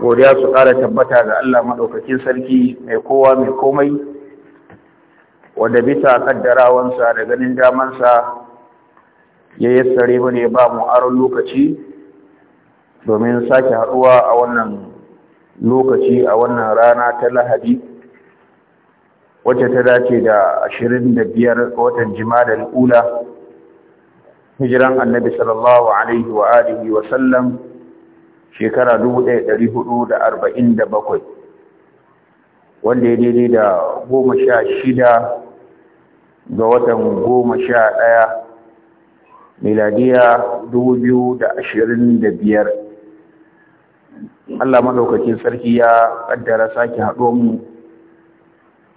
godiya su ƙara tabbata ga Allah maɗaukakin sarki mai kowa mai komai wanda bisa kaddarawansa da ganin damansa ya yassare mu ne ba mu aron lokaci domin sake haɗuwa a wannan lokaci a wannan rana ta lahadi wacce ta dace da ashirin da biyar watan jima'a ula hijiran annabi sallallahu alaihi wa alihi wa sallam shekara da da arba'in bakwai, wanda ya daidai da goma sha shida ga watan goma sha ɗaya miladiya biyar. Allah maɗaukakin sarki ya ƙaddara sake mu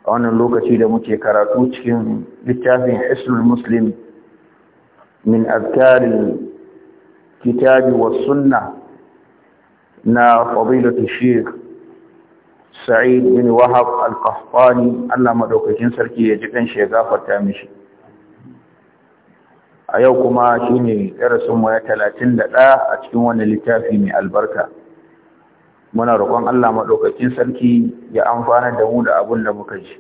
a wannan lokaci da muke karatu cikin littafin ismul muslim min azkarin kitabi wa sunna na fadilatu sheikh sa'id bin wahab al-qahtani Allah madaukakin sarki ya ji kanshi shi ya gafarta mishi a yau kuma shine darasin mu ya 31 a cikin wannan littafi mai albarka muna roƙon Allah madaukakin sarki ya amfana da mu da abin da muka ji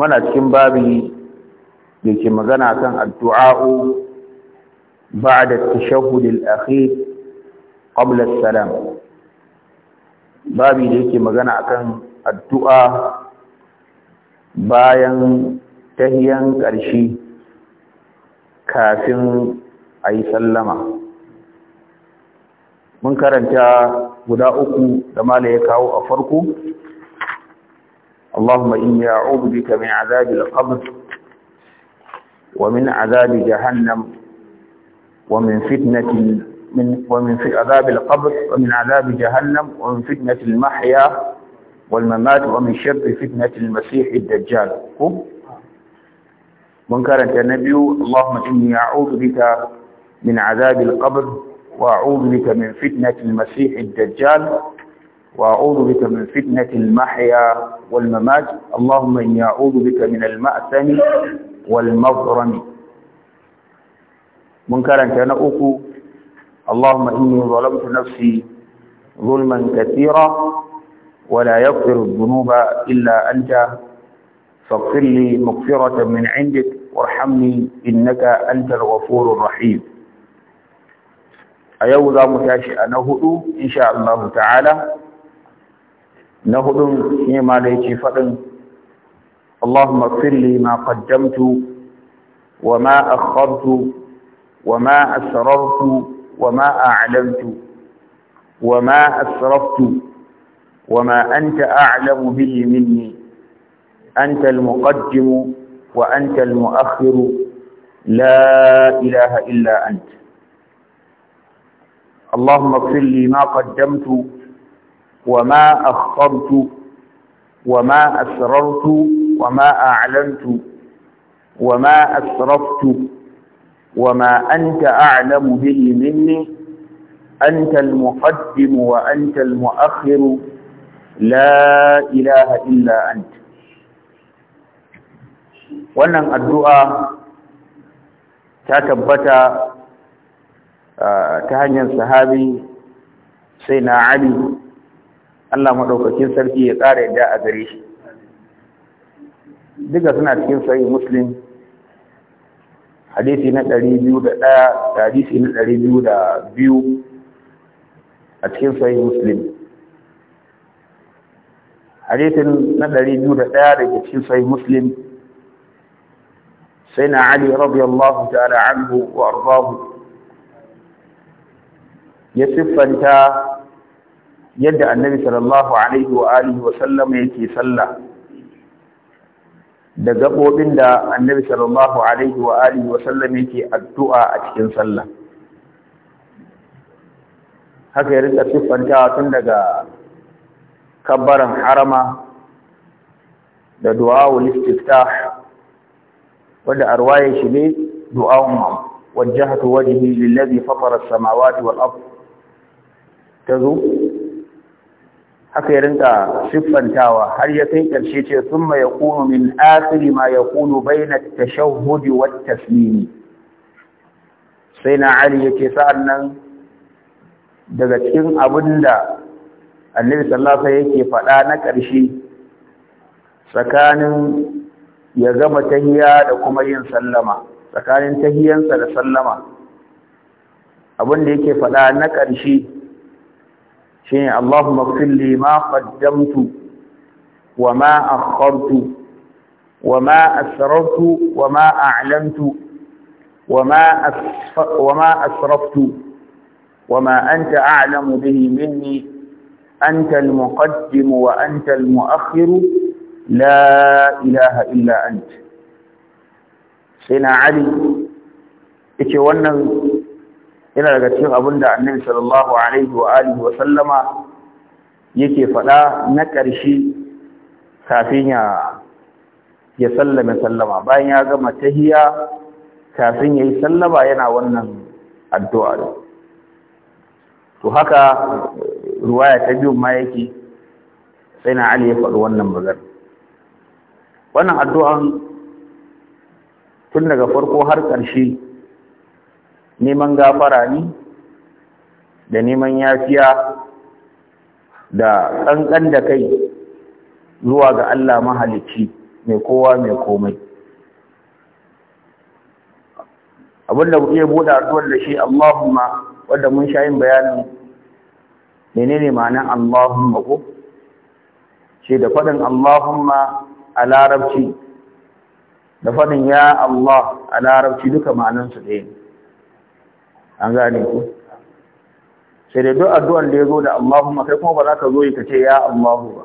muna cikin babi da ke magana kan addu'a'u ba'da at-tashahhud al-akhir qabla babi da yake magana akan addu'a bayan tahiyan ƙarshe kafin a yi sallama mun karanta guda uku da mala ya kawo a farko اللهم إني أعوذ al من wa min ومن عذاب wa min فتنة من ومن في عذاب القبر ومن عذاب جهنم ومن فتنة المحيا والممات ومن شر فتنة المسيح الدجال منكر النبي اللهم إني أعوذ بك من عذاب القبر وأعوذ بك من فتنة المسيح الدجال وأعوذ بك من فتنة المحيا والممات اللهم إني أعوذ بك من المأثم والمغرم منكر أنا أقول اللهم إني ظلمت نفسي ظلما كثيرا ولا يغفر الذنوب إلا أنت فاغفر لي مغفرة من عندك وارحمني إنك أنت الغفور الرحيم أيوضا متاشئ نهد إن شاء الله تعالى نهد فيما ليت فضل اللهم اغفر لي ما قدمت وما أخرت وما أسررت وما أعلمت وما أسرفت وما أنت أعلم به مني أنت المقدم وأنت المؤخر لا إله إلا أنت اللهم اغفر لي ما قدمت وما أخطرت وما أسررت وما أعلنت وما أسرفت وما أنت أعلم به مني أنت المقدم وأنت المؤخر لا إله إلا أنت wannan addu'a ta tabbata ta hanyar sahabi sai na Ali Allah maɗaukakin sarki ya ƙara yadda a gare shi duka suna cikin sayi muslim hadisi na 201 da hadisi na 202 a cikin sahih muslim hadisin na 201 da cikin sahih muslim sai ali radiyallahu ta'ala anhu wa ardahu ya siffanta yadda annabi sallallahu alaihi wa alihi wa sallam yake sallah da gaɓoɓin da annabi sallallahu alaihi wa alihi wa sallam yake addu'a a cikin sallah haka ya rinka siffantawa tun daga kabbaran harama da du'a'ul istiftah wanda arwaye shi ne du'a'un ma wajjahatu wajhi lillazi fatara as-samawati wal ard tazu aka ya rinka siffantawa har ya kai ƙarshe ce sun ma ya kunu min asiri ma ya kunu bai na tashahudi wa tasmini. sai na ali yake sa'an nan daga cikin abin da annabi sallasa yake faɗa na ƙarshe tsakanin ya gama tahiya da kuma yin sallama tsakanin tahiyansa da sallama abin da yake faɗa na ƙarshe شيء اللهم اغفر لي ما قدمت وما أخرت وما أسررت وما أعلنت وما وما أسرفت وما أنت أعلم به مني أنت المقدم وأنت المؤخر لا إله إلا أنت سيدنا علي يقول yana daga cikin abin da annabi sallallahu alaihi wa alihi wa sallama yake faɗa na ƙarshe kafin ya ya sallame sallama bayan ya gama tahiya kafin ya yi sallama yana wannan addu'a to haka ruwaya ta biyun ma yake sai na Ali ya faɗi wannan magana wannan addu'an tun daga farko har ƙarshe neman gafara ne da neman yafiya da ƙanƙan da kai zuwa ga Allah mahalicci mai kowa mai komai da kuke buɗe addu'ar da shi Allahumma wanda mun sha yin bayanin menene ma'anin Allahumma ko ce da faɗin Allahumma a larabci da faɗin ya Allah a larabci duka ma'anansu ɗaya an gane ku sai da duk addu'an da ya zo da Allahumma kai kuma ba za ka zo yi ka ce ya Allahu ba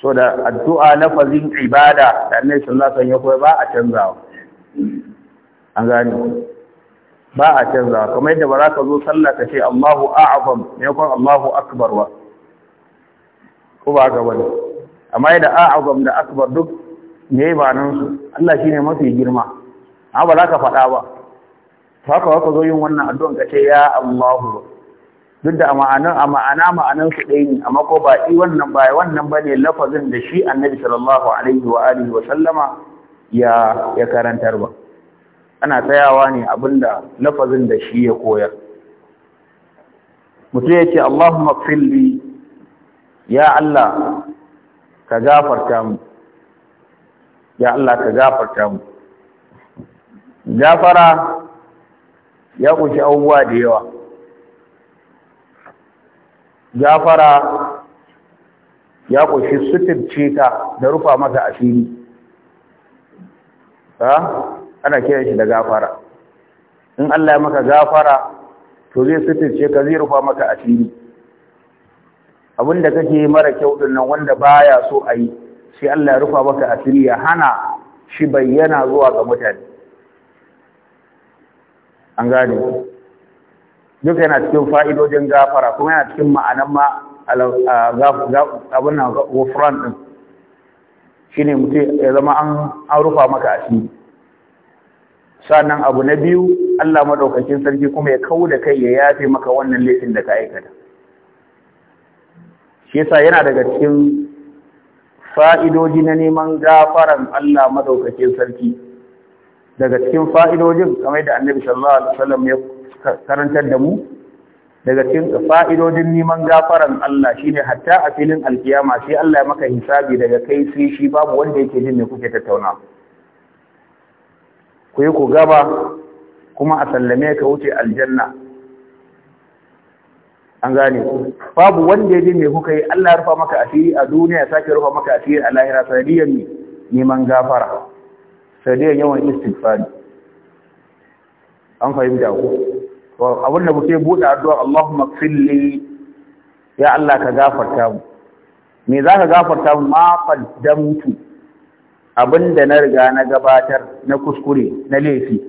so da addu'a na fazin ibada da annabi sallallahu alaihi wasallam ba a canzawa an gane ku ba a canzawa kamar yadda ba za ka zo sallah ka ce Allahu a'zam ne kuma Allahu akbar ba ko ba ga wani amma yadda a'zam da akbar duk me ba nan su Allah shine mafi girma amma ba za ka faɗa ba haka haka zo yin wannan addu'an ka ce ya Allahu duk da ma'anan a ma'ana ma'anan su ɗaya ne amma ko ba i wannan ba wannan bane lafazin da shi Annabi sallallahu alaihi wa alihi wa sallama ya ya karantar ba ana tsayawa ne abinda lafazin da shi ya koyar mutum ya ce Allahumma fili. ya Allah ka gafarta mu ya Allah ka gafarta mu gafara ya kunshi abubuwa da yawa gafara ya kunshi sutirce da rufa maka asiri ha ana kiran shi da gafara in Allah ya maka gafara to zai ce ka zai rufa maka asiri abinda kake mara kyau din nan wanda baya so a yi sai Allah ya rufa maka asiri ya hana shi bayyana zuwa ga mutane an gane duka yana cikin fa'idojin gafara kuma yana cikin ma'anan ma abin nan wofran ɗin shi ne mutu ya zama an rufa maka asiri? shi sannan abu na biyu Allah maɗaukakin sarki kuma ya kawo da kai ya yafe maka wannan laifin da ka aikata shi yasa yana daga cikin fa'idoji na neman gafaran Allah maɗaukakin sarki daga cikin fa'idojin kamar da annabi sallallahu alaihi wasallam ya karantar da mu daga cikin fa'idojin neman gafaran Allah shi ne. hatta a filin alkiyama sai Allah ya maka hisabi daga kai sai shi babu wanda yake jin ne kuke tattauna ku yi ku gaba kuma a sallame ka wuce aljanna an gane ku babu wanda ya jin me kuka yi Allah ya rufa maka asiri a duniya sake rufa maka asiri a lahira sanadiyar neman gafara dai yawan istighfari an fahimta ku abin da muke buɗe addu'a Allahumma fili ya Allah ka gafarta mu me za ka gafarta mu ma qaddamtu abinda da na riga na gabatar na kuskure na laifi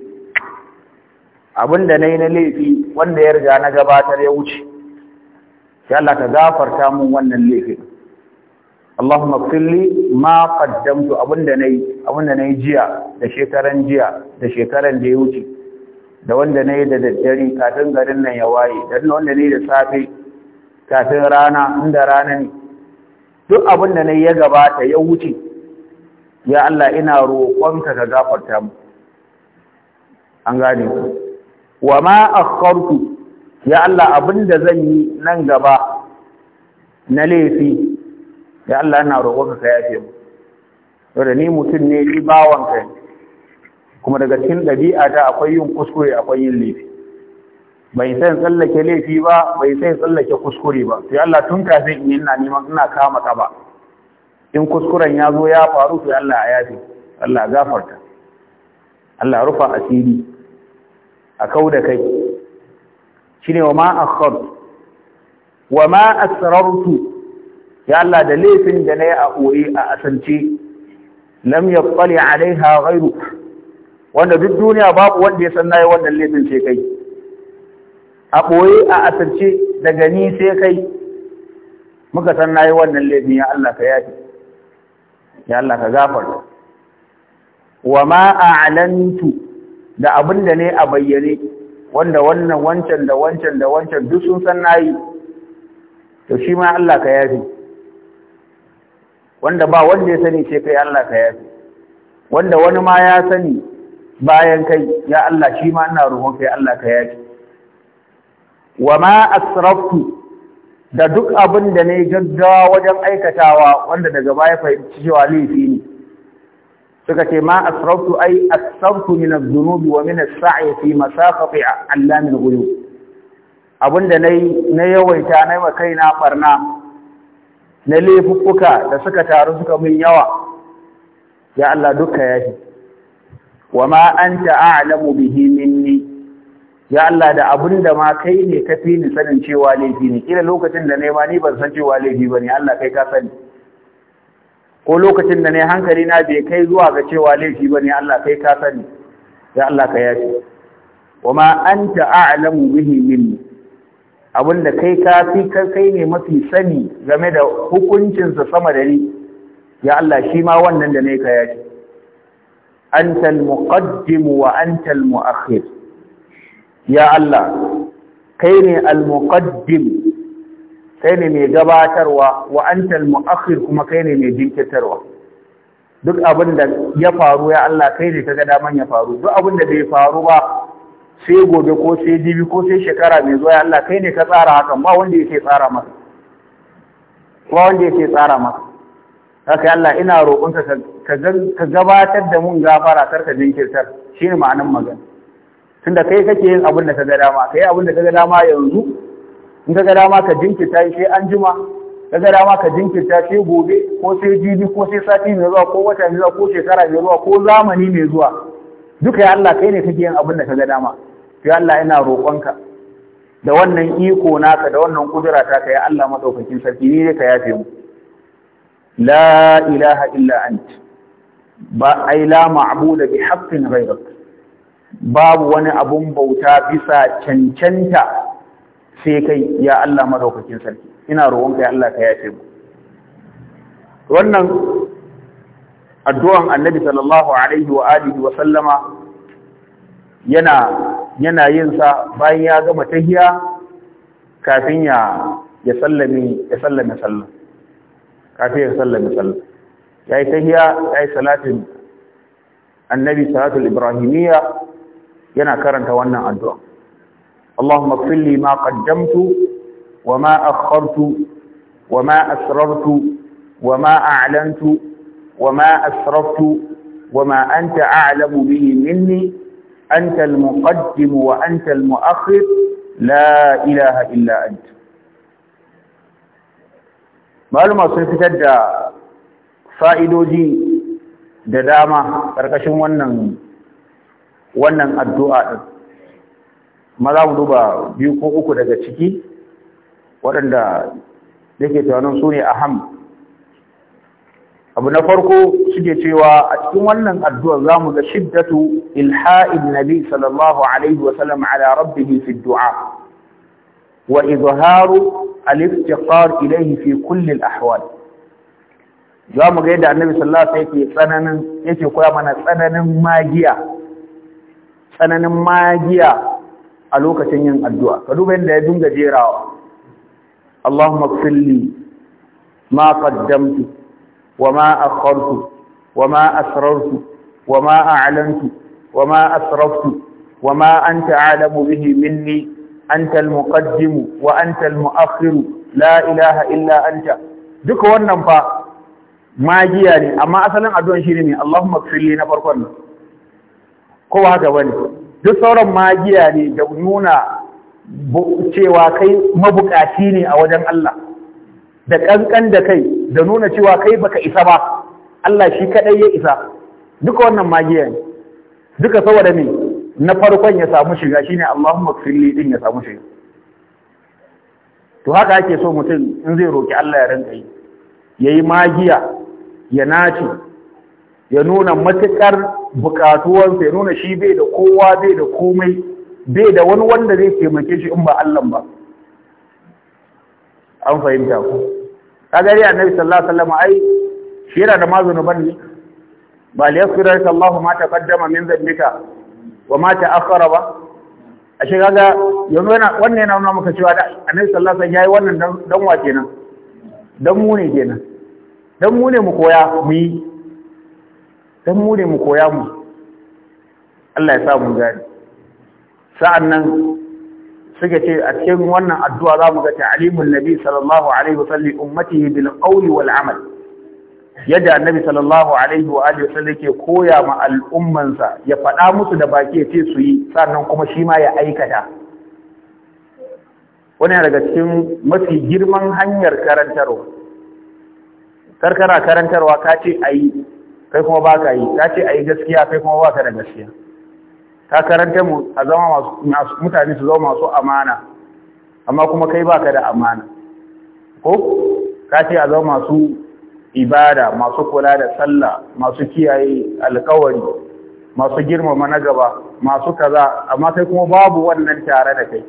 abinda da na yi na laifi wanda ya riga na gabatar ya wuce ya Allah ka gafarta mun wannan laifin Allahumma filli ma qaddamtu abinda nayi abinda nayi jiya da shekaran jiya da shekaran da ya wuce da wanda nayi da daddare kafin garin nan ya waye da wanda nayi da safe kafin rana inda rana ne duk abinda nayi ya gabata ya wuce ya Allah ina roƙonka ka gafarta mu an gane ku wa ma akhartu ya Allah abinda zan yi nan gaba na laifi ya Allah yana roƙonka ka yafe mu saboda ni mutum ne ni bawan kai kuma daga cikin ɗabi'a ta akwai yin kuskure akwai yin laifi bai sai tsallake laifi ba bai sai tsallake kuskure ba to Allah tun kafin in ina neman ina kama ka ba in kuskuren ya zo ya faru to Allah ya yafe Allah gafarta Allah rufa asiri a kau da kai shine wa ma akhad wa ma asrartu ya Allah da laifin da na yi a ɓoye a asance lam ya ƙwale alaiha ghairu wanda duk duniya babu wanda ya san na yi wannan laifin sai kai a ɓoye a asance daga ni sai kai muka san na yi wannan laifin ya Allah ka yafi ya Allah ka gafarta wa ma a'lantu da abin da ne a bayyane wanda wannan wancan da wancan da wancan duk sun san nayi to shi ma Allah ka yafi wanda ba wanda ya sani sai kai Allah ka yafe wanda wani ma ya sani bayan kai ya Allah shi ma ina roƙon kai Allah ka yafe wa ma asraftu da duk abin da ne gaggawa wajen aikatawa wanda daga baya fahimci cewa laifi ne suka ce ma asraftu ai asraftu min az dunubi wa min as-sa'i fi masaqati allamin ghuyub abinda nayi na yawaita nayi wa kaina barna na laifuffuka da suka taru suka min yawa ya Allah dukka yafi wa ma anta a'lamu bihi minni ya Allah da abun da ma kai ne ka fi ni sanin cewa laifi ne kila lokacin da ma ni ban san cewa laifi bane Allah kai ka sani ko lokacin da ne hankali na bai kai zuwa ga cewa laifi bane Allah kai ka sani ya Allah ka yafi wa ma anta a'lamu bihi minni abinda kai ka fi kai ne mafi sani game da hukuncinsa sama da ni ya Allah shi ma wannan da ne ka yaji antal muqaddim wa antal akhir. ya Allah kai ne al muqaddim kai ne mai gabatarwa wa antal akhir kuma kai ne mai jinkirtarwa duk abinda ya faru ya Allah kai ne ka ga daman ya faru duk abinda bai faru ba sai gobe ko sai dibi ko sai shekara mai zuwa Allah kai ne ka tsara hakan ba wanda yake tsara masa ba wanda yake tsara masa haka Allah ina roƙonka ka gabatar da mun gafara karka ka jinkirtar shine ma'anin magana tunda kai kake yin abin da ka ga dama kai abin da ka ga dama yanzu in ka ga dama ka jinkirta sai an jima ka ga dama ka jinkirta sai gobe ko sai jibi ko sai sati mai zuwa ko wata mai zuwa ko shekara mai zuwa ko zamani mai zuwa duka ya Allah kai ne kake yin abin da ka ga dama ya Allah ina roƙonka da wannan iko naka da wannan kudura ta ka ya Allah madaukakin sarki ni ne ka yafe mu la ilaha illa ant ba ai la ma'budu bi haqqin ghayrak babu wani abun bauta bisa cancanta sai kai ya Allah madaukakin sarki ina roƙonka ya Allah ka yafe mu wannan addu'an annabi sallallahu alaihi wa alihi wa sallama yana yana yin sa bayan ya gama tahiya kafin ya ya sallami ya sallama sallah kafin ya sallama sallah yayi tahiya yayi salatin annabi salatul ibrahimiyya yana karanta wannan addu'a Allahumma ighfir li ma qaddamtu wa ma akhartu wa ma asrartu wa ma a'lantu wa ma asraftu wa ma anta a'lamu bihi minni anta al-muqaddim wa anta al-mu'akhir la ilaha illa anta maluma sun fitar da fa'idodi da dama ƙarƙashin wannan wannan addu'a maza mu duba biyu ko uku daga ciki waɗanda yake tunanin su ne ham. abu na farko suke cewa a cikin wannan addu'a za mu ga shiddatu ilha'in nabi sallallahu alaihi wasallam ala rabbihi fi du'a wa izharu al-iftiqar ilayhi fi kulli al-ahwal za mu ga yadda annabi sallallahu alaihi wasallam yake tsananin yake koya mana tsananin magiya tsananin magiya a lokacin yin addu'a ka duba yadda ya dinga jerawa Allahumma ighfir ma qaddamtu وما أخرت وما أسررت وما أعلنت وما أسرفت وما أنت أعلم به مني أنت المقدم وأنت المؤخر لا إله إلا أنت duka wannan fa magiya ne amma asalin addu'an shi ne Allahumma kfirli na farkon nan ko haka bane duk sauran magiya ne da nuna cewa kai mabukaci ne a wajen Allah da ƙanƙan da kai da nuna cewa kai baka isa ba Allah shi kaɗai ya isa duka wannan magiya ne duka saboda me na farkon ya samu shiga shine Allahumma kfirli din ya samu shiga to haka ake so mutum in zai roki Allah ya rinka yi yayi magiya ya nace ya nuna matukar bukatuwansa ya nuna shi bai da kowa bai da komai bai da wani wanda zai taimake shi in ba Allah ba an fahimta ku ka gari annabi sallallahu alaihi wasallam ai shi yana da mazunu ne ba li yaghfiraka Allahu ma taqaddama min dhanbika wa ma ta'akhkhara ba A shi kaga yanzu yana wannan yana nuna muka cewa da annabi sallallahu alaihi wasallam yayi wannan dan wa kenan dan mu ne kenan dan mu ne mu koya mu yi dan mu ne mu koya mu Allah ya sa mu gani sa'annan suka ce a cikin wannan addu'a za mu ga ta'alimin nabi sallallahu alaihi wa salli ummatihi bil qawli wal amal yadda annabi sallallahu alaihi wa alihi ke koya ma al'ummansa ya faɗa musu da baki ya ce su yi sannan kuma shi ma ya aikata wannan daga cikin mafi girman hanyar karantarwa karkara karantarwa ka ce a yi kai kuma ba yi ka ce a yi gaskiya kai kuma ba da gaskiya ta karanta mu a zama masu mutane su zama masu amana amma kuma kai baka da amana ko ka ce a zama masu ibada masu kula da sallah masu kiyaye alkawari masu girmama na gaba masu kaza amma kai kuma babu wannan tare da kai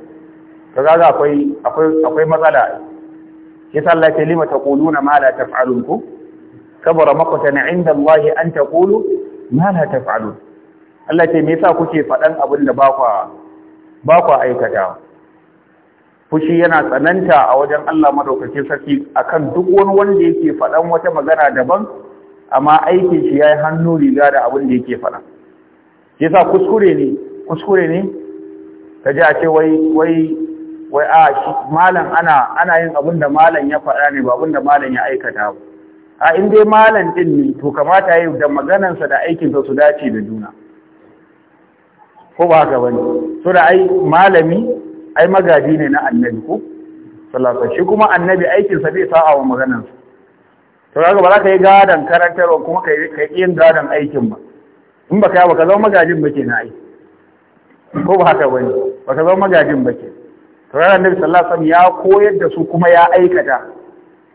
ga akwai akwai akwai matsala yasa Allah ya lima taquluna ma la taf'alun ku kabara maqtan 'inda Allah an taqulu ma la taf'alun Allah ce me yasa kuke faɗan abin da ba kwa aikata fushi yana tsananta a wajen Allah maɗaukacin sarki akan duk wani wanda yake faɗan wata magana daban amma aikin shi yayi hannu riga da abin da yake faɗa yasa kuskure ne kuskure ne kaje a ce wai wai wai a malam ana ana yin abin da malam ya faɗa ne ba abin da malam ya aikata ba a in dai malam din ne to kamata yayi da maganarsa da aikin sa su dace da juna ko ba haka bane to da ai malami ai magadi ne na annabi ko sallallahu shi kuma annabi aikin sa bai sa'a wa maganar sa to kaga ba za ka yi gadan ko kuma ka yi yin gadan aikin ba in baka yi baka zama magajin ba kenan ai ko ba haka bane baka zama magajin ba kenan to kaga annabi sallallahu alaihi ya koyar da su kuma ya aikata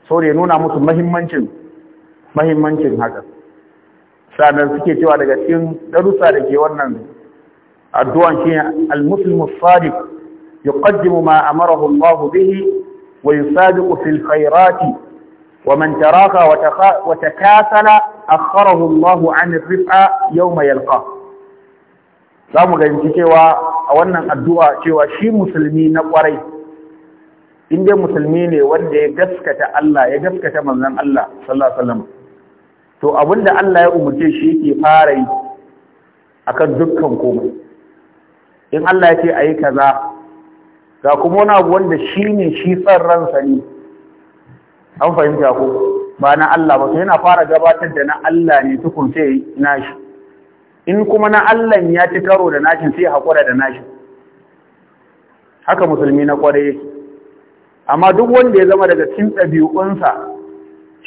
so da nuna musu muhimmancin muhimmancin haka sannan suke cewa daga cikin darussa da ke wannan addu'an shi ne al-muslimu sadiq yuqaddimu ma amarahu Allah bihi wa yusabiqu fil khairati wa man taraka wa takasala akharahu Allah an yau rifa yawma Za zamu ga cewa a wannan addu'a cewa shi musulmi na kwarai inda musulmi ne wanda ya gaskata Allah ya gaskata Allah sallallahu to abinda Allah ya umarce shi yake fara yi akan dukkan komai in Allah ya ce a yi kaza ga kuma wani abu wanda shi ne shi tsar ransa ne an fahimta ko ba na Allah ba sai yana fara gabatar da na Allah ne tukun sai nashi in kuma na Allah ya ci karo da nashi sai ya haƙura da nashi haka musulmi na kwarai yake amma duk wanda ya zama daga cikin ɗabi'unsa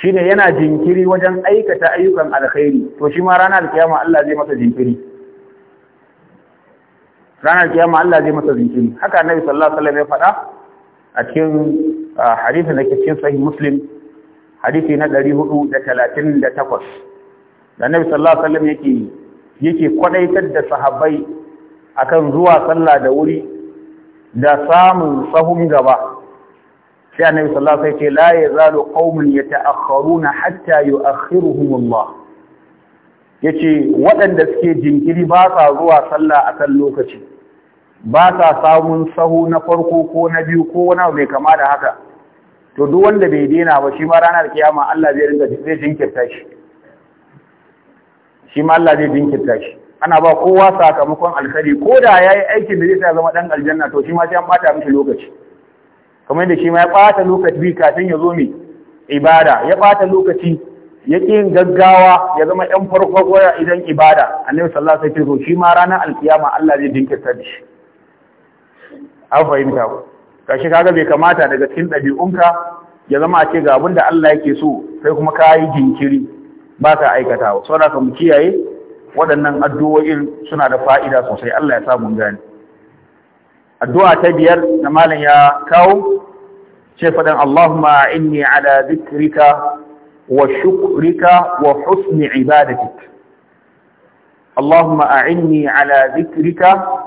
shine yana jinkiri wajen aikata ayyukan alkhairi to shi ma ranar kiyama Allah zai masa jinkiri ranar kiyama Allah zai masa zinkiri haka annabi sallallahu alaihi wasallam ya faɗa a cikin hadisi na cikin sahih muslim hadisi na 438 da annabi sallallahu alaihi wasallam yake yake kwadaitar da sahabbai akan zuwa sallah da wuri da samun sahun gaba sai annabi sallallahu alaihi wasallam ya ce la yazalu qaumun yata'akhkharuna hatta yu'akhiruhum Allah yace waɗanda suke jinkiri ba sa zuwa sallah akan lokaci ba sa samun sahu na farko ko na biyu ko wani abu mai kama da haka to duk wanda bai daina ba shi ma ranar kiyama Allah zai ringa zai jinkirta shi shi ma Allah zai jinkirta shi ana ba kowa sakamakon alkhairi ko da yayi aikin da zai sa zama dan aljanna to shi ma sai an bata mishi lokaci kamar yadda shi ma ya bata lokaci bi kafin ya zo mai ibada ya bata lokaci ya yin gaggawa ya zama ‘yan farko idan ibada, annabi sallallahu Alaihi wasallam shi ma ranar alkiyama Allah zai jinkirta da shi. an fahimta ku kashi kaga bai kamata daga cikin ɗabi'unka ya zama a ce ga abin da Allah yake so sai kuma ka yi jinkiri ba ka aikatawa saboda ka mu kiyaye waɗannan addu'o'in suna da fa'ida sosai Allah ya samu gane. addu'a ta biyar da malam ya kawo ce faɗin Allahumma inni ala zikrika wa shukrika wa husni ibadatik Allahumma a'inni ala zikrika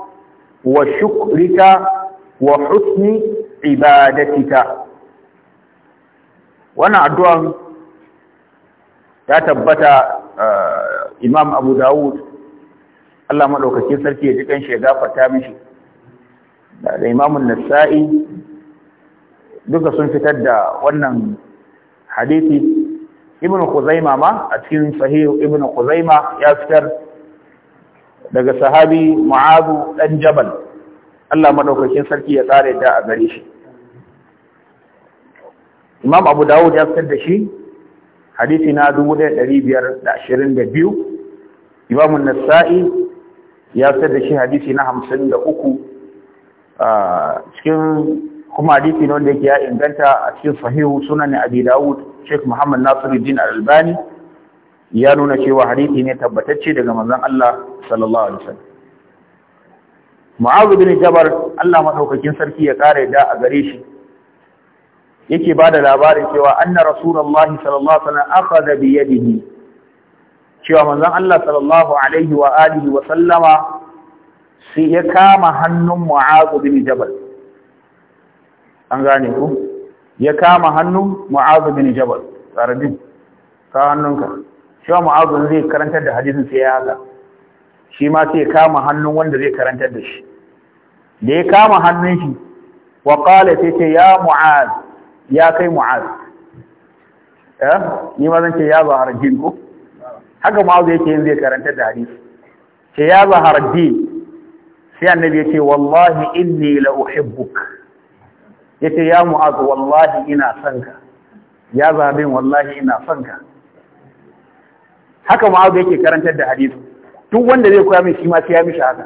wa shukrika wa husni ibadatika wannan addu'an ta tabbata eh, imam abu Da'ud, Allah maɗaukakin sarki ya ji kan shiga fata mishi da imamun nasa'i duka sun fitar da wannan hadisi ibn Khuzaima ma a cikin sahih ibn Khuzaima ya fitar daga sahabi Mu'adh dan Jabal Allah maɗaukakin sarki ya tsara yadda a gare shi Imam Abu Dawud ya fitar da shi hadisi na 1522 Imam Nassa'i ya fitar da shi hadisi na 53 a cikin kuma hadisi ne wanda yake ya inganta a cikin sahihu sunan Abi Dawud Sheikh Muhammad Nasiruddin Al-Albani ya nuna cewa hadisi ne tabbatacce daga manzon Allah sallallahu alaihi wasallam Mu'azu bin Jabar Allah madaukakin sarki ya kare da a gare shi yake bada labarin cewa anna rasulullahi sallallahu alaihi wasallam akhadha bi yadihi cewa manzon Allah sallallahu alaihi wa alihi wa sallama sai ya kama hannun Mu'azu bin Jabal an gane ku ya kama hannun Mu'azu bin Jabal tsaradin ka hannunka cewa Mu'azu zai karantar da hadisin sai ya haka shi ma sai kama hannun wanda zai karantar da shi da ya kama hannun shi wa qala sai ce ya mu'az ya kai mu'az eh ni ma zan ce ya zahar din ko haka mu'az yake yin zai karantar da hadisi ce ya zahar din sai annabi ce wallahi inni la uhibbuk yace ya mu'az wallahi ina son ka ya zahar din wallahi ina son ka haka zai ke karantar da hadisi duk wanda zai koya min shi ma sai ya mishi haka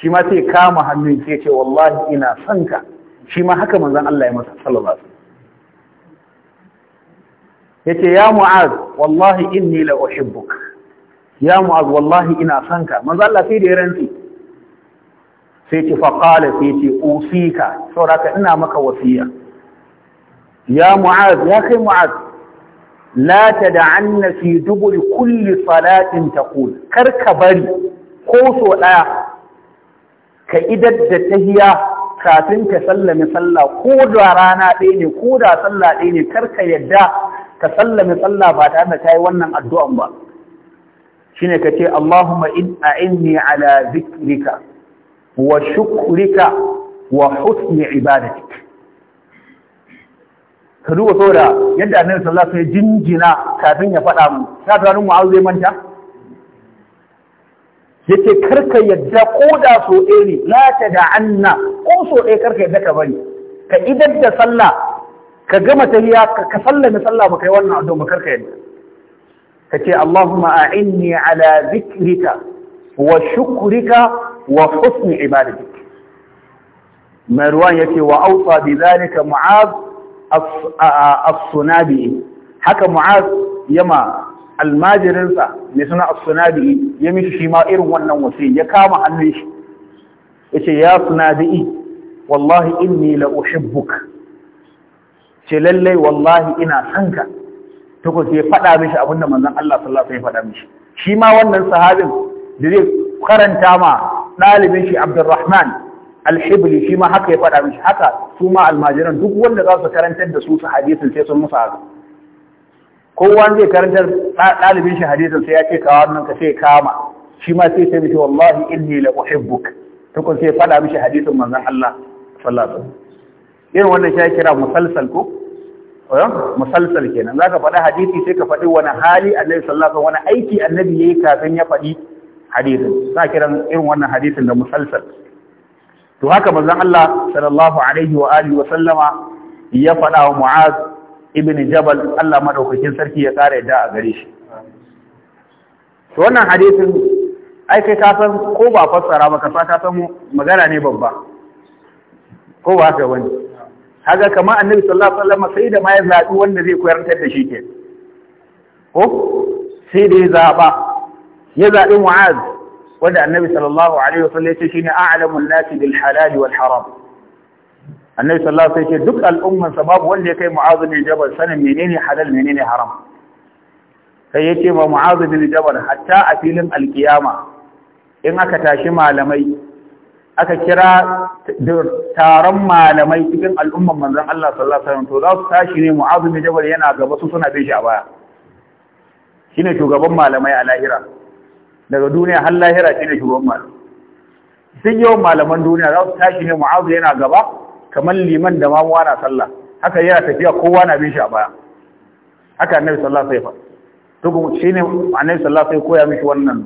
shi ma sai kama hannun sai ce wallahi ina son ka shi ma haka manzon Allah ya masa sallallahu yace ya mu'az wallahi inni la uhibbuk ya mu'az wallahi ina son ka manzon Allah sai da ya rantsi sai ce fa qala sai ce usika saboda ina maka wasiya ya mu'az ya kai mu'az Lata da fi dubur kulli salatin taqul kar ka bari ko so ɗaya ka idar da tahiya kafin ka sallame sallah ko da rana ɗaya ne ko da sallah ɗaya ne kar ka yadda ka sallame sallah ba tare da kai wannan addu'an ba shine ka ce Allahumma in a'inni ala zikrika wa shukrika wa husni ibadatik ka duba saboda yadda annabi sallallahu alaihi wasallam ya jinjina kafin ya faɗa mu ka tunanin mu'awiya zai manta yace karka yadda ko da so ɗaya ne la ta da anna ko so ɗaya karka yadda ka bari ka idan da sallah ka gama tahiya ka sallame sallah ba kai wannan addu'a ba karka yadda kace Allahumma a'inni ala zikrika wa shukrika wa husni ibadatik marwan yace wa awsa bi zalika mu'adh as-sunabi haka mu'az yama almajirinsa mai suna as-sunabi ya mishi shi ma irin wannan wasi ya kama hannun shi yace ya sunabi wallahi inni la uhibbuk ce lalle wallahi ina sanka tuko sai faɗa mishi abinda manzon Allah sallallahu alaihi wasallam ya faɗa mishi shi ma wannan sahabin da zai karanta ma ɗalibin shi Abdurrahman alhibli shi ma haka ya faɗa mishi haka su ma almajiran duk wanda za su karantar da su su hadisin sai sun musu haka kowa zai karantar ɗalibin shi hadisin sai ya ce kawo nan ka sai kama shi ma sai sai mishi wallahi inni la uhibbuk tukun sai faɗa mishi hadisin manzon Allah sallallahu alaihi wasallam irin wannan shi ya kira musalsal ko musalsal kenan za ka faɗi hadisi sai ka faɗi wani hali annabi sallallahu alaihi wani aiki annabi yayi kafin ya faɗi hadisin sa kiran irin wannan hadisin da musalsal to haka manzon Allah sallallahu alaihi wa alihi wa sallama ya fada wa Mu'az ibn Jabal Allah madaukakin sarki ya kare da a gare shi to wannan hadisin ai kai ka san ko ba fassara ba ka fata san magana ne babba ko ba ka wani haka kamar annabi sallallahu alaihi wasallam sai da ma ya zabi wanda zai koyar da shi ke ko sai da ya zaba ya zabi Mu'az wanda annabi sallallahu alaihi wasallam ya ce shine a'lamun nasi bil halal wal haram annabi sallallahu alaihi wasallam ya ce duk al'umman sa babu wanda ya kai mu'azu bin jabal sanin menene halal menene haram sai ya ce ma mu'azu bin jabal hatta a filin alkiyama in aka tashi malamai aka kira taron malamai cikin al'umman manzon Allah sallallahu alaihi wasallam to za su tashi ne Mu'adh bin Jabal yana gaba su suna bin shi a baya shine shugaban malamai a lahira daga duniya har lahira shi ne shugaban malamai sun yawan malaman duniya za su tashi ne mu'azu yana gaba kamar liman da mamuwa na sallah haka yana tafiya kowa na bin shi a baya haka annabi sallallahu alaihi wasallam tukun shine annabi sallallahu alaihi koya mishi wannan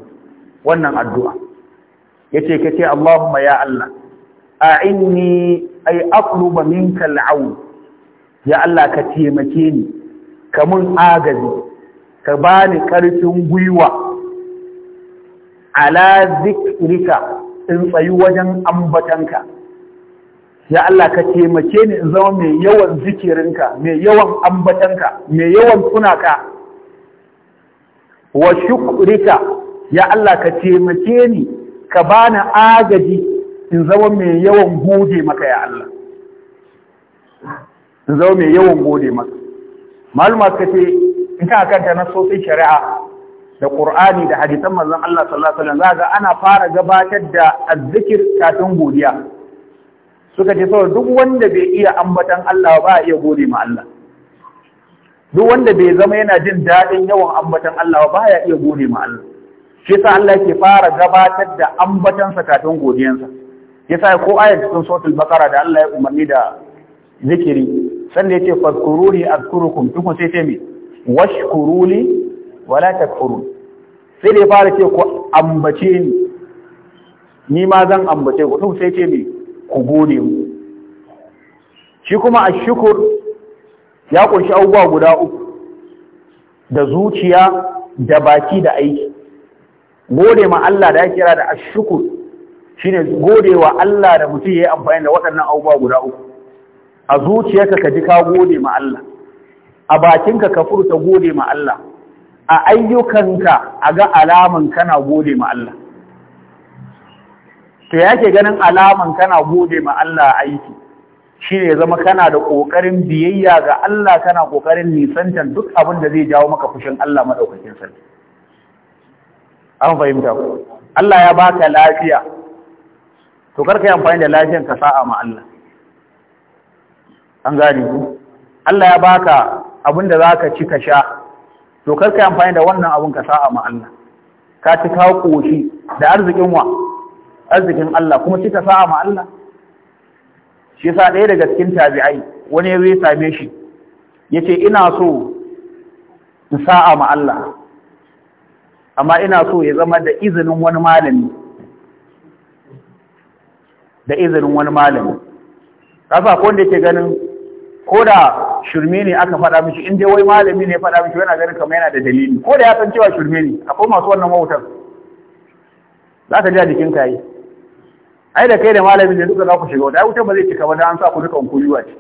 wannan addu'a yace kace Allahumma ya Allah a'inni ay aqluba minka al'aun ya Allah ka taimake ni kamun agazi ka bani karfin gwiwa ala zikrika in tsayu wajen ambatanka ya Allah ka taimake ni in zama mai yawan zikirinka mai yawan ambatanka mai yawan tunaka wa shukrika ya Allah ka taimake ni ka bani agaji in zama mai yawan gode maka ya Allah in zama mai yawan gode maka maluma ka ce in ka kanta na sosai shari'a da Qur'ani da hadisan manzon Allah sallallahu alaihi wasallam ga ana fara gabatar da azzikir kafin godiya suka ce saboda duk wanda bai iya ambatan Allah ba iya gode ma Allah duk wanda bai zama yana jin daɗin yawan ambatan Allah ba ya iya gode ma Allah shi yasa Allah ke fara gabatar da ambatan sa kafin godiyansa yasa ko ayat cikin suratul baqara da Allah ya umarni da zikiri sannan yace fadkuruni azkurukum duk sai ce me washkuruli wala takfurun sai da ya fara ce ku ambace ni ni ma zan ambace ku to sai ce ni ku gode mu shi kuma shukur ya kunshi abubuwa guda uku da zuciya da baki da aiki gode ma Allah da ya kira da Ashukur shine gode wa Allah da mutum ya yi amfani da waɗannan abubuwa guda uku a zuciyarka ka ji ka gode ma Allah a bakinka ka furta gode ma Allah a ayyukanka a ga alaman kana gode ma Allah to yake ganin alaman kana gode ma Allah a aiki shi ne zama kana da ƙoƙarin biyayya ga Allah kana ƙoƙarin nisantar duk abin da zai jawo maka fushin Allah maɗaukakin sarki an fahimta ku Allah ya baka lafiya to karka yi amfani da lafiyan ka sa'a ma Allah an gane ku Allah ya baka abin da za ka ci ka sha to kar kai amfani da wannan abun ka sa'a ma Allah ka ci ka koshi da arzikin wa arzikin Allah kuma ci ka sa'a ma Allah shi yasa ɗaya daga cikin tabi'ai wani ya zai same shi yace ina so in sa'a ma Allah amma ina so ya zama da izinin wani malami da izinin wani malami kasa ko wanda yake ganin ko da shirme ne aka faɗa mishi in dai wai malami ne faɗa mishi yana ganin kamar yana da dalili ko da ya san cewa shirme ne akwai masu wannan wautar za ka ji a jikin ka yi ai da kai da malamin da duka za ku shiga wata ai wutar ba zai cika ba da an sa ku duka ku yiwa ce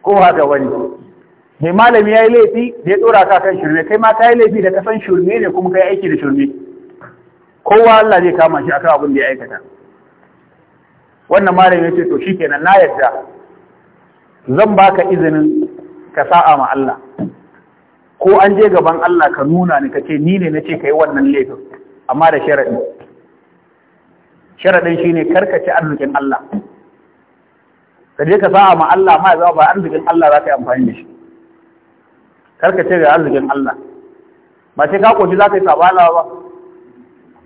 ko haka wani mai malami ya yi laifi da ya dora ka kan shirme kai ma ka yi laifi da ka san shirme ne kuma ka yi aiki da shirme kowa Allah zai kama shi akan abin da ya aikata wannan malami ya ce to shikenan na yadda. zan baka izinin ka sa'a ma Allah ko an je gaban Allah ka nuna ni ka ce ni ne nace yi wannan laifin amma da Sharaɗin shi shine karkace arzikin Allah ka je ka sa'a ma Allah ma za ba arzikin Allah za ka yi amfani da shi karkace da arzikin Allah ba sai ka koji za ka yi sabala ba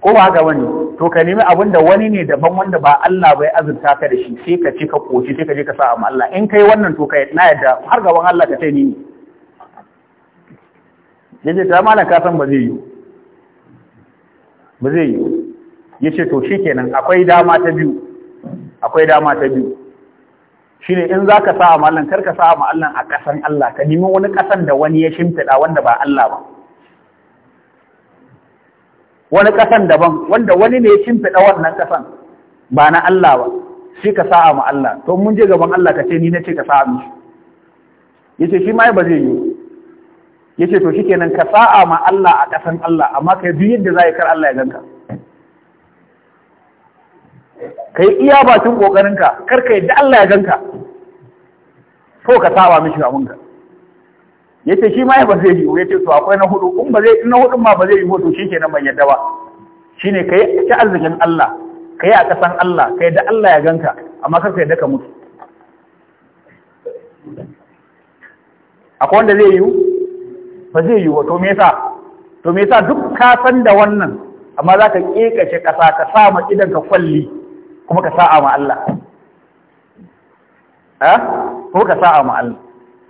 ko ba ga wani, to ka nemi abin da wani ne daban wanda ba Allah bai azurta ka da shi sai ka ci ka koci sai ka je ka sa amma Allah in kai wannan to kai na yadda har gaban Allah ka ce ne yace ta malam ka san ba zai yi ba zai yi yace to shikenan akwai dama ta biyu akwai dama ta biyu shine in zaka sa amma Allah kar ka sa amma Allah a kasan Allah ka nemi wani kasan da wani ya shimfida wanda ba Allah ba wani ƙasan daban wanda wani ne ya shimfiɗa wannan ƙasan ba na Allah ba shi ka sa'a ma Allah to mun je gaban Allah ka ce ni na ce ka sa'a mishi yace shi ma ba zai yi yace to shikenan ka sa'a ma Allah a ƙasan Allah amma kai duk yadda zai kar Allah ya ganka kai iya batun ƙoƙarinka, kar ka yadda Allah ya ganka ko ka sa'a mishi ka. yace shi ma ba zai yiwu yace to akwai na hudu in ba zai in na hudun ma ba zai yi yiwu to shikenan ban yadda ba shine kai ta arzikin Allah kai a kasan Allah kai da Allah ya ganka amma kar ka da ka mutu akwai wanda zai yiwu ba zai yiwu to me yasa to me yasa duk ka san da wannan amma za ka kekace kasa ka sa ma idan ka kwalli kuma ka sa'a ma Allah eh ko ka sa'a ma Allah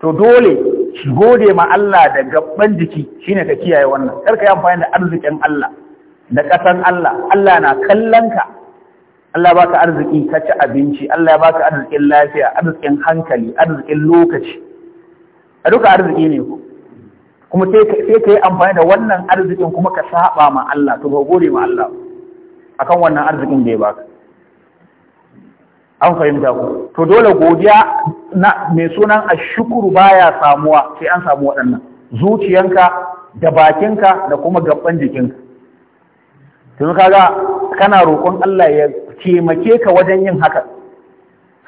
to dole gode ma Allah da gaban jiki shine ka kiyaye wannan kar ka yi amfani da arzikin Allah da ƙasan Allah Allah na kallon ka Allah baka arziki ka ci abinci Allah ya baka arzikin lafiya arzikin hankali arzikin lokaci a duka arziki ne ku kuma sai ka yi amfani da wannan arzikin kuma ka saba ma Allah to ka gode ma Allah akan wannan arzikin da ya baka an fahimta ku to dole godiya mai sunan a ba baya samuwa sai an samu waɗannan zuciyanka da bakinka da kuma gaban jikinka tun kaga kana roƙon Allah ya taimake ka wajen yin haka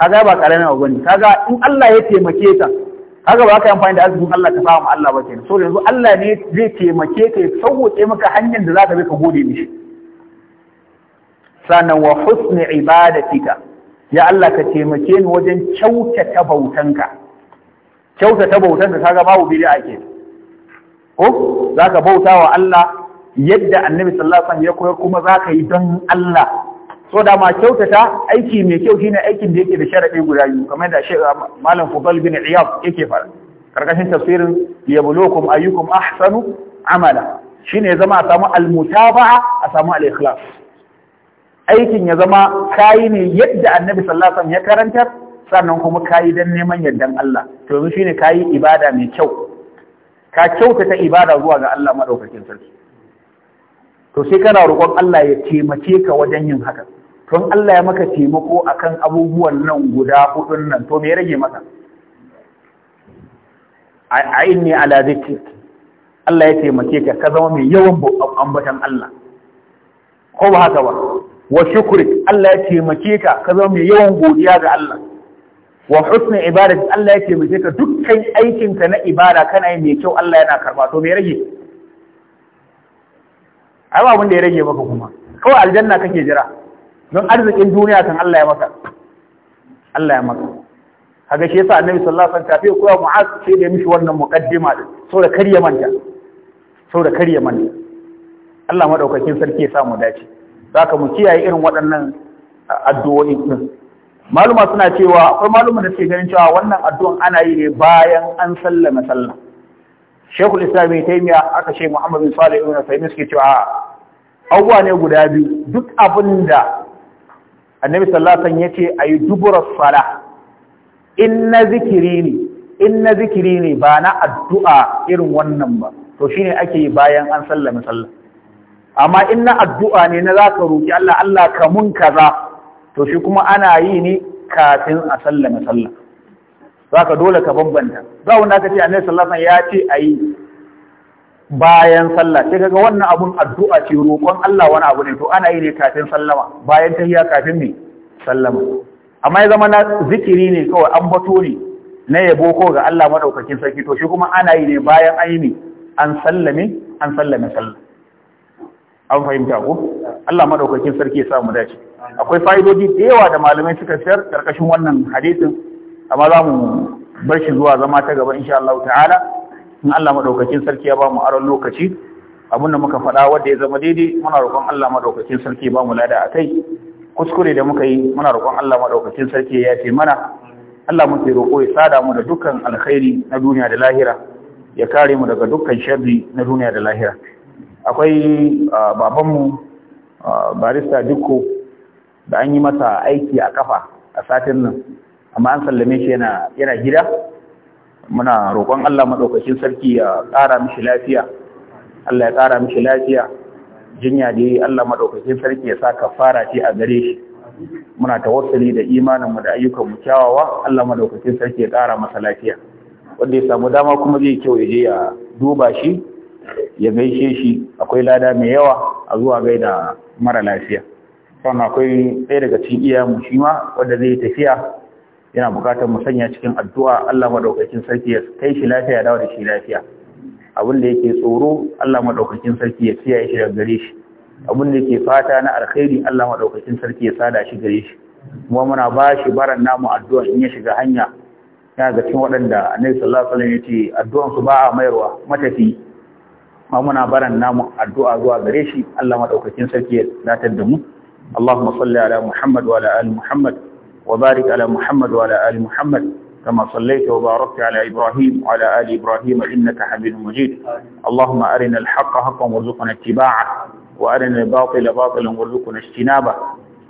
kaga ba karamin abu Ka kaga in Allah ya taimake ka kaga ba ka amfani da azumin Allah ka samu Allah ba kenan so yanzu Allah ne zai taimake ka ya sauke maka hanyar da za ka bi ka gode mishi sannan wa husni ibadatika ya Allah ka taimake ni wajen kyautata bautanka kyautata bautanka kaga babu bid'a ke ko zaka bauta wa Allah yadda Annabi sallallahu alaihi wasallam ya koyar kuma zaka yi don Allah so da ma kyautata aiki mai kyau shine aikin da yake da sharadi guda biyu kamar da Sheikh Malam Fudal bin Iyad yake fara karkashin tafsirin liyabluwakum ayyukum ahsanu amala shine zama a samu almutaba'a a samu al-ikhlas aikin ya zama kayi ne yadda annabi sallallahu alaihi ya karanta sannan kuma kayi dan neman yardan Allah to yanzu shine kayi ibada mai kyau ka kyauta ta ibada zuwa ga Allah madaukakin sarki to sai kana roƙon Allah ya taimake ka wajen yin haka Tun Allah ya maka taimako akan abubuwan nan guda hudun nan to me rage maka a'inni ala zikri Allah ya taimake ka ka zama mai yawan ambatan Allah ko ba haka ba wa shukrik Allah ya taimake ka ka zama mai yawan godiya ga Allah wa husnul ibadati Allah ya taimake ka dukkan aikin ka na ibada kana yi mai kyau Allah yana karba to me rage ai ba abin da ya rage maka kuma kawai aljanna kake jira don arzikin duniya kan Allah ya maka Allah ya maka kaga shi yasa Annabi sallallahu alaihi wasallam tafi kuwa Mu'az sai da mishi wannan muqaddima din saboda kar manta saboda kar manta Allah madaukakin sarki ya sa mu dace zaka mu kiyaye irin waɗannan addu'o'i din maluma suna cewa akwai maluma da suke ganin cewa wannan addu'an ana yi ne bayan an sallama sallah shekul islam ibn taymiya aka ce muhammad bin salih ibn suke cewa abuwa ne guda biyu duk abinda annabi sallallahu alaihi wasallam yace ayi dubura salah in na zikiri ne in na ne ba na addu'a irin wannan ba to shine ake yi bayan an sallama sallah amma in na addu'a ne na za ka roƙi Allah Allah ka mun kaza to shi kuma ana yi ne kafin a sallame sallah za ka dole ka bambanta za wanda ka ce annabi sallallahu alaihi ya ce a yi bayan sallah sai kaga wannan abun addu'a ce roƙon Allah wani abu ne to ana yi ne kafin sallama bayan tahiyya kafin ne sallama amma ya zama na zikiri ne kawai an bato ne na yabo ko ga Allah madaukakin sarki to shi kuma ana yi ne bayan an yi ne an sallame an sallame sallah an fahimta ko Allah madaukakin sarki ya sa mu dace akwai fa'idodi da yawa da malamai suka sayar karkashin wannan hadisin amma za mu bar shi zuwa zama ta gaba insha Allah ta'ala in Allah madaukakin sarki ya ba mu aron lokaci abin da muka faɗa wanda ya zama daidai muna roƙon Allah madaukakin sarki ya ba mu lada akai kuskure da muka yi muna roƙon Allah madaukakin sarki ya ce mana Allah muke roƙo ya sada mu da dukkan alkhairi na duniya da lahira ya kare mu daga dukkan sharri na duniya da lahira akwai babanmu barista dukko da an yi masa aiki a kafa a satin nan amma an sallame shi yana gida muna roƙon Allah maɗaukacin sarki ya ƙara mishi lafiya Allah ya ƙara mishi lafiya jinya da Allah maɗaukacin sarki ya sa kafara ce a gare shi muna tawassuli da imaninmu da ayyukanmu kyawawa Allah maɗaukacin sarki ya ƙara masa lafiya wanda ya samu dama kuma zai kyau ya je ya duba shi ya gaishe shi akwai lada mai yawa a zuwa gaida mara lafiya sannan akwai ɗaya daga cikin iyayenmu shi ma wanda zai tafiya yana bukatar mu sanya cikin addu'a Allah maɗaukakin sarki ya kai shi lafiya dawo da shi lafiya abin da yake tsoro Allah madaukakin sarki ya kiyaye shi daga gare shi abin da yake fata na alkhairi Allah maɗaukakin sarki ya sada shi gare shi kuma muna ba shi baran namu addu'a in ya shiga hanya yana ga cikin waɗanda Annabi sallallahu alaihi wasallam ya ce addu'an su ba a mayarwa matafi muna baran namu addu’a zuwa gare shi Allah maɗaukakin sarki ya datar da mu. Allahumma salli ala Muhammad wa ala ali Muhammad wa barik ala Muhammad wa ala ali Muhammad kama sallaita wa barakta ala Ibrahim wa ala ali Ibrahim innaka Habibul Majid. Allahumma arina al-haqqa haqqan warzuqna ittiba'a wa arina al-batil batilan warzuqna ijtinaba.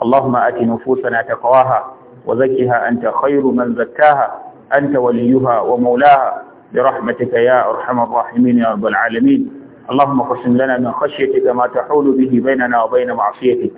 Allahumma ati nufusana taqwaha wa zakkiha anta khayru man zakkaha anta waliyuha wa مولاها برحمتك يا أرحم الراحمين يا رب العالمين اللهم اقسم لنا من خشيتك ما تحول به بيننا وبين معصيتك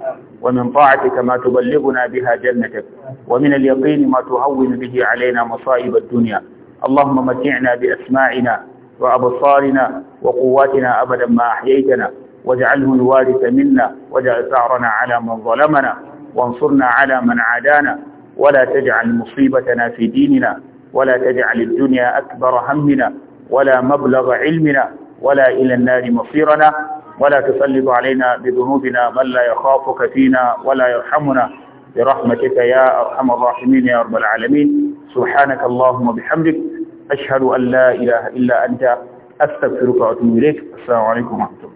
ومن طاعتك ما تبلغنا بها جنتك ومن اليقين ما تهون به علينا مصائب الدنيا اللهم متعنا بأسماعنا وأبصارنا وقواتنا أبدا ما أحييتنا واجعله الوارث منا واجعل ثأرنا على من ظلمنا وانصرنا على من عادانا ولا تجعل مصيبتنا في ديننا ولا تجعل الدنيا أكبر همنا ولا مبلغ علمنا ولا إلى النار مصيرنا ولا تسلط علينا بذنوبنا من لا يخافك فينا ولا يرحمنا برحمتك يا أرحم الراحمين يا رب العالمين سبحانك اللهم بحمدك أشهد أن لا إله إلا أنت أستغفرك وأتوب إليك السلام عليكم ورحمة الله